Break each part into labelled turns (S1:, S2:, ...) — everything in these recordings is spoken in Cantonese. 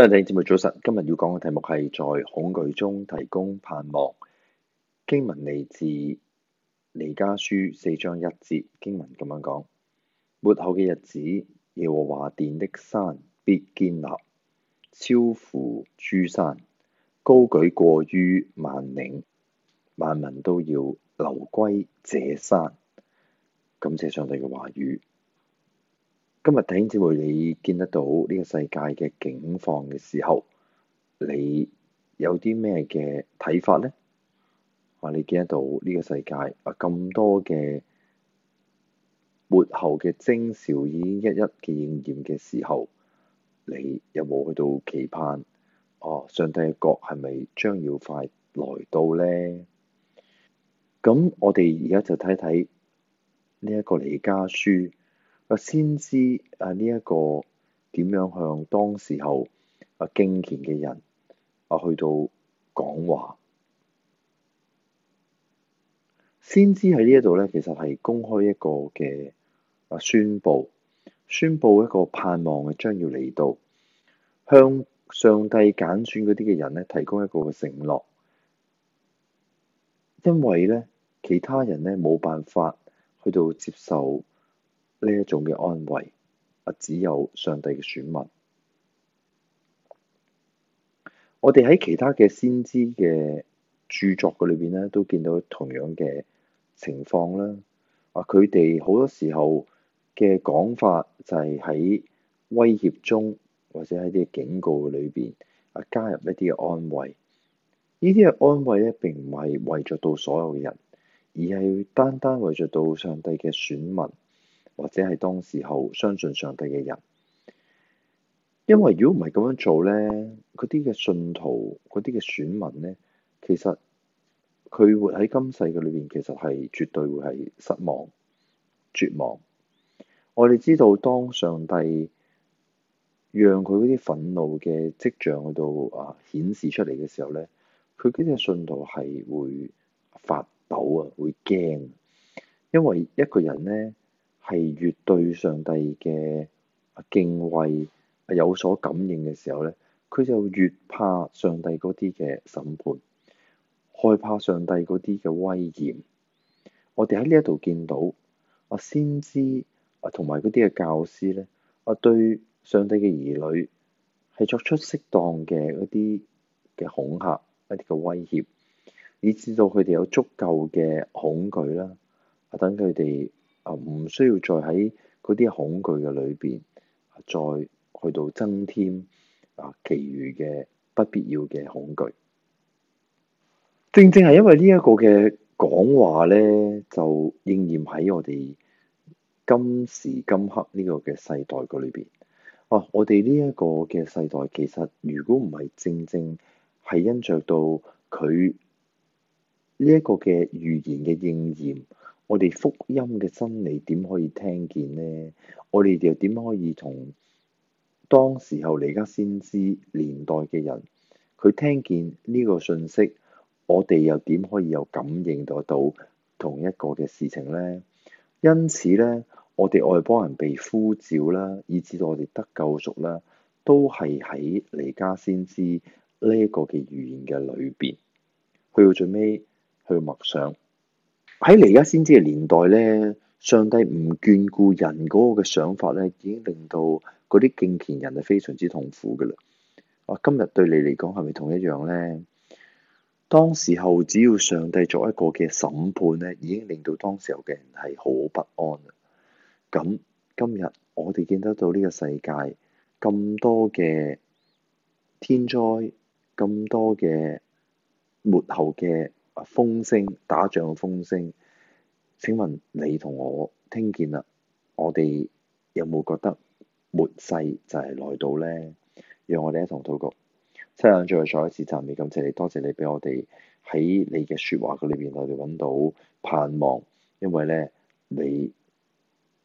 S1: 今日要講嘅題目係在恐懼中提供盼望。經文嚟自《彌迦書》四章一節，經文咁樣講：末後嘅日子，耶和華殿的山必堅立超乎諸山，高舉過於萬嶺，萬民都要流歸這山。感謝上帝嘅話語。今日頂住會，你見得到呢個世界嘅景況嘅時候，你有啲咩嘅睇法呢？啊，你見得到呢個世界啊，咁多嘅末後嘅徵兆已經一一嘅應驗嘅時候，你有冇去到期盼？哦、啊，上帝嘅國係咪將要快來到呢？咁我哋而家就睇睇呢一個彌迦書。先知啊，呢一個點樣向當時候啊敬虔嘅人啊去到講話，先知喺呢一度咧，其實係公開一個嘅啊宣佈，宣佈一個盼望嘅將要嚟到，向上帝揀選嗰啲嘅人咧，提供一個嘅承諾，因為咧其他人咧冇辦法去到接受。呢一種嘅安慰啊，只有上帝嘅選民。我哋喺其他嘅先知嘅著作嘅裏邊咧，都見到同樣嘅情況啦。啊，佢哋好多時候嘅講法就係喺威脅中，或者喺啲警告裏邊啊，加入一啲嘅安慰。呢啲嘅安慰咧，並唔係為著到所有嘅人，而係單單為著到上帝嘅選民。或者係當時候相信上帝嘅人，因為如果唔係咁樣做咧，嗰啲嘅信徒、嗰啲嘅選民咧，其實佢活喺今世嘅裏邊，其實係絕對會係失望、絕望。我哋知道，當上帝讓佢嗰啲憤怒嘅跡象去到啊顯示出嚟嘅時候咧，佢嗰啲信徒係會發抖啊，會驚，因為一個人咧。係越對上帝嘅敬畏有所感應嘅時候咧，佢就越怕上帝嗰啲嘅審判，害怕上帝嗰啲嘅威嚴。我哋喺呢一度見到，阿先知同埋嗰啲嘅教師咧，啊對上帝嘅兒女係作出適當嘅嗰啲嘅恐嚇，一啲嘅威脅，以至到佢哋有足夠嘅恐懼啦，啊等佢哋。啊！唔需要再喺嗰啲恐懼嘅裏邊，再去到增添啊，其餘嘅不必要嘅恐懼。正正係因為呢一個嘅講話咧，就應驗喺我哋今時今刻呢個嘅世代嘅裏邊。啊！我哋呢一個嘅世代，其實如果唔係正正係因着到佢呢一個嘅預言嘅應驗。我哋福音嘅真理點可以聽見呢？我哋又點可以同當時候彌迦先知年代嘅人，佢聽見呢個信息，我哋又點可以有感應得到同一個嘅事情呢？因此呢，我哋外邦人被呼召啦，以至到我哋得救贖啦，都係喺彌迦先知呢一個嘅預言嘅裏邊，去到最尾去默想。喺彌迦先知嘅年代咧，上帝唔眷顧人嗰個嘅想法咧，已經令到嗰啲敬虔人係非常之痛苦噶啦。啊，今日對你嚟講係咪同一樣咧？當時候只要上帝作一個嘅審判咧，已經令到當時候嘅人係好不安。咁今日我哋見得到呢個世界咁多嘅天災，咁多嘅末後嘅。風聲打仗嘅風聲，請問你同我聽見啦，我哋有冇覺得末世就係來到呢？讓我哋一同禱告。親愛嘅主，再一次讚美感謝你，多謝你俾我哋喺你嘅説話嗰裏邊，我哋揾到盼望，因為呢，你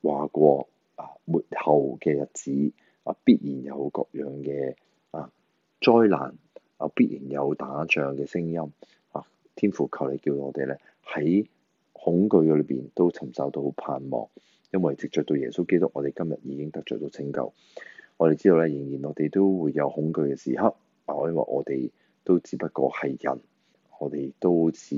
S1: 話過啊，末後嘅日子啊，必然有各樣嘅啊災難啊，必然有打仗嘅聲音。天父求你叫我哋咧喺恐懼嘅裏邊都尋找到盼望，因為藉著到耶穌基督，我哋今日已經得著到拯救。我哋知道咧，仍然我哋都會有恐懼嘅時刻，嗱，因為我哋都只不過係人，我哋亦都似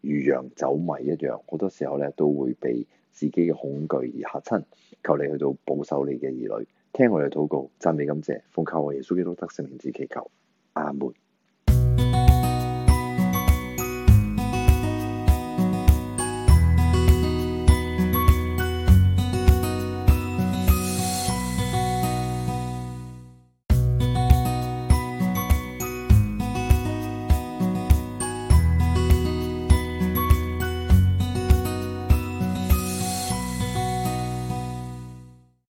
S1: 如羊走迷一樣，好多時候咧都會被自己嘅恐懼而嚇親。求你去到保守你嘅兒女，聽我哋禱告，讚美感謝，奉靠我耶穌基督得勝名之祈求，阿門。